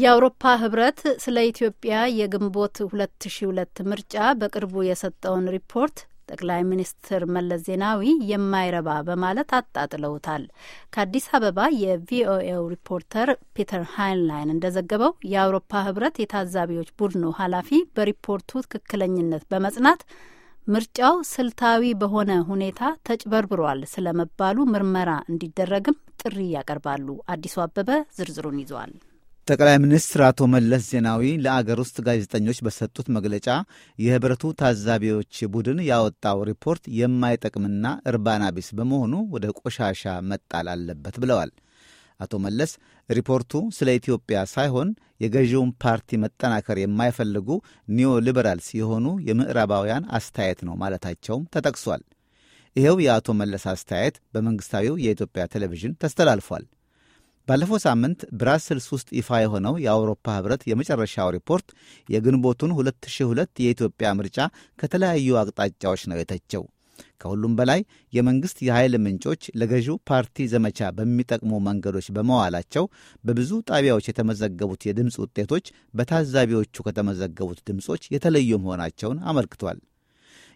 የአውሮፓ ህብረት ስለ ኢትዮጵያ የግንቦት ሁለት ሺ ሁለት ምርጫ በቅርቡ የሰጠውን ሪፖርት ጠቅላይ ሚኒስትር መለስ ዜናዊ የማይረባ በማለት አጣጥለውታል። ከአዲስ አበባ የቪኦኤው ሪፖርተር ፒተር ሃይንላይን እንደዘገበው የአውሮፓ ህብረት የታዛቢዎች ቡድኑ ኃላፊ በሪፖርቱ ትክክለኝነት በመጽናት ምርጫው ስልታዊ በሆነ ሁኔታ ተጭበርብሯል ስለመባሉ ምርመራ እንዲደረግም ጥሪ ያቀርባሉ። አዲሱ አበበ ዝርዝሩን ይዟል። ጠቅላይ ሚኒስትር አቶ መለስ ዜናዊ ለአገር ውስጥ ጋዜጠኞች በሰጡት መግለጫ የህብረቱ ታዛቢዎች ቡድን ያወጣው ሪፖርት የማይጠቅምና እርባና ቢስ በመሆኑ ወደ ቆሻሻ መጣል አለበት ብለዋል። አቶ መለስ ሪፖርቱ ስለ ኢትዮጵያ ሳይሆን የገዢውን ፓርቲ መጠናከር የማይፈልጉ ኒዮ ሊበራልስ የሆኑ የምዕራባውያን አስተያየት ነው ማለታቸውም ተጠቅሷል። ይኸው የአቶ መለስ አስተያየት በመንግሥታዊው የኢትዮጵያ ቴሌቪዥን ተስተላልፏል። ባለፈው ሳምንት ብራስልስ ውስጥ ይፋ የሆነው የአውሮፓ ህብረት የመጨረሻው ሪፖርት የግንቦቱን 2002 የኢትዮጵያ ምርጫ ከተለያዩ አቅጣጫዎች ነው የተቸው። ከሁሉም በላይ የመንግሥት የኃይል ምንጮች ለገዢው ፓርቲ ዘመቻ በሚጠቅሙ መንገዶች በመዋላቸው በብዙ ጣቢያዎች የተመዘገቡት የድምፅ ውጤቶች በታዛቢዎቹ ከተመዘገቡት ድምፆች የተለዩ መሆናቸውን አመልክቷል።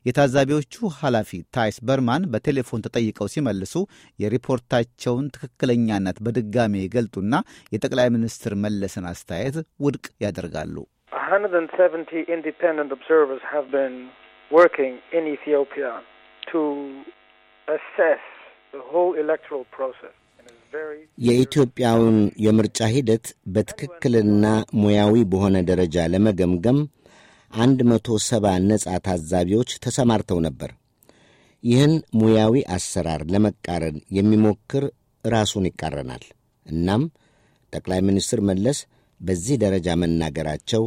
የታዛቢዎቹ ኃላፊ ታይስ በርማን በቴሌፎን ተጠይቀው ሲመልሱ የሪፖርታቸውን ትክክለኛነት በድጋሚ ይገልጡና የጠቅላይ ሚኒስትር መለስን አስተያየት ውድቅ ያደርጋሉ። የኢትዮጵያውን የምርጫ ሂደት በትክክልና ሙያዊ በሆነ ደረጃ ለመገምገም አንድ መቶ ሰባ ነጻ ታዛቢዎች ተሰማርተው ነበር። ይህን ሙያዊ አሰራር ለመቃረን የሚሞክር ራሱን ይቃረናል። እናም ጠቅላይ ሚኒስትር መለስ በዚህ ደረጃ መናገራቸው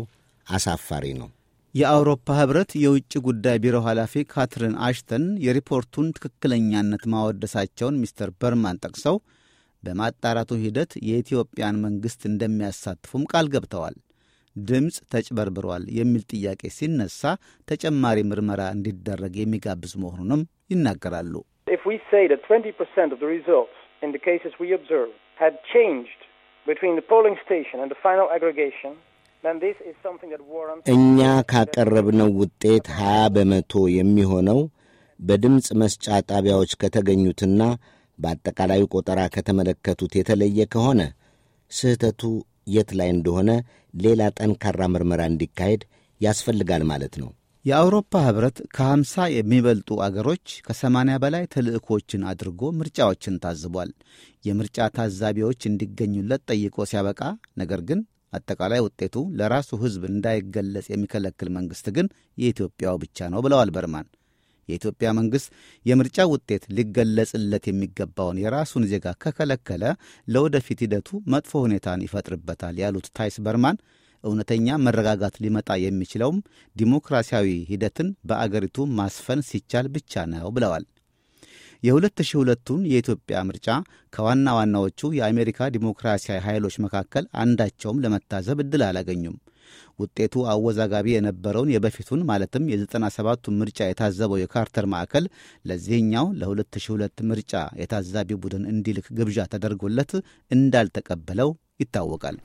አሳፋሪ ነው። የአውሮፓ ኅብረት የውጭ ጉዳይ ቢሮ ኃላፊ ካትሪን አሽተን የሪፖርቱን ትክክለኛነት ማወደሳቸውን ሚስተር በርማን ጠቅሰው በማጣራቱ ሂደት የኢትዮጵያን መንግሥት እንደሚያሳትፉም ቃል ገብተዋል። ድምፅ ተጭበርብሯል የሚል ጥያቄ ሲነሳ ተጨማሪ ምርመራ እንዲደረግ የሚጋብዝ መሆኑንም ይናገራሉ። እኛ ካቀረብነው ውጤት 20 በመቶ የሚሆነው በድምፅ መስጫ ጣቢያዎች ከተገኙትና በአጠቃላዩ ቆጠራ ከተመለከቱት የተለየ ከሆነ ስህተቱ የት ላይ እንደሆነ ሌላ ጠንካራ ምርመራ እንዲካሄድ ያስፈልጋል ማለት ነው። የአውሮፓ ኅብረት ከ የሚበልጡ አገሮች ከ በላይ ተልእኮችን አድርጎ ምርጫዎችን ታዝቧል። የምርጫ ታዛቢዎች እንዲገኙለት ጠይቆ ሲያበቃ ነገር ግን አጠቃላይ ውጤቱ ለራሱ ሕዝብ እንዳይገለጽ የሚከለክል መንግሥት ግን የኢትዮጵያው ብቻ ነው ብለዋል በርማን። የኢትዮጵያ መንግሥት የምርጫ ውጤት ሊገለጽለት የሚገባውን የራሱን ዜጋ ከከለከለ ለወደፊት ሂደቱ መጥፎ ሁኔታን ይፈጥርበታል ያሉት ታይስ በርማን እውነተኛ መረጋጋት ሊመጣ የሚችለውም ዲሞክራሲያዊ ሂደትን በአገሪቱ ማስፈን ሲቻል ብቻ ነው ብለዋል። የ2002ቱን የኢትዮጵያ ምርጫ ከዋና ዋናዎቹ የአሜሪካ ዲሞክራሲያዊ ኃይሎች መካከል አንዳቸውም ለመታዘብ ዕድል አላገኙም። ውጤቱ አወዛጋቢ የነበረውን የበፊቱን ማለትም የ97ቱ ምርጫ የታዘበው የካርተር ማዕከል ለዚህኛው ለ2002 ምርጫ የታዛቢ ቡድን እንዲልክ ግብዣ ተደርጎለት እንዳልተቀበለው ይታወቃል።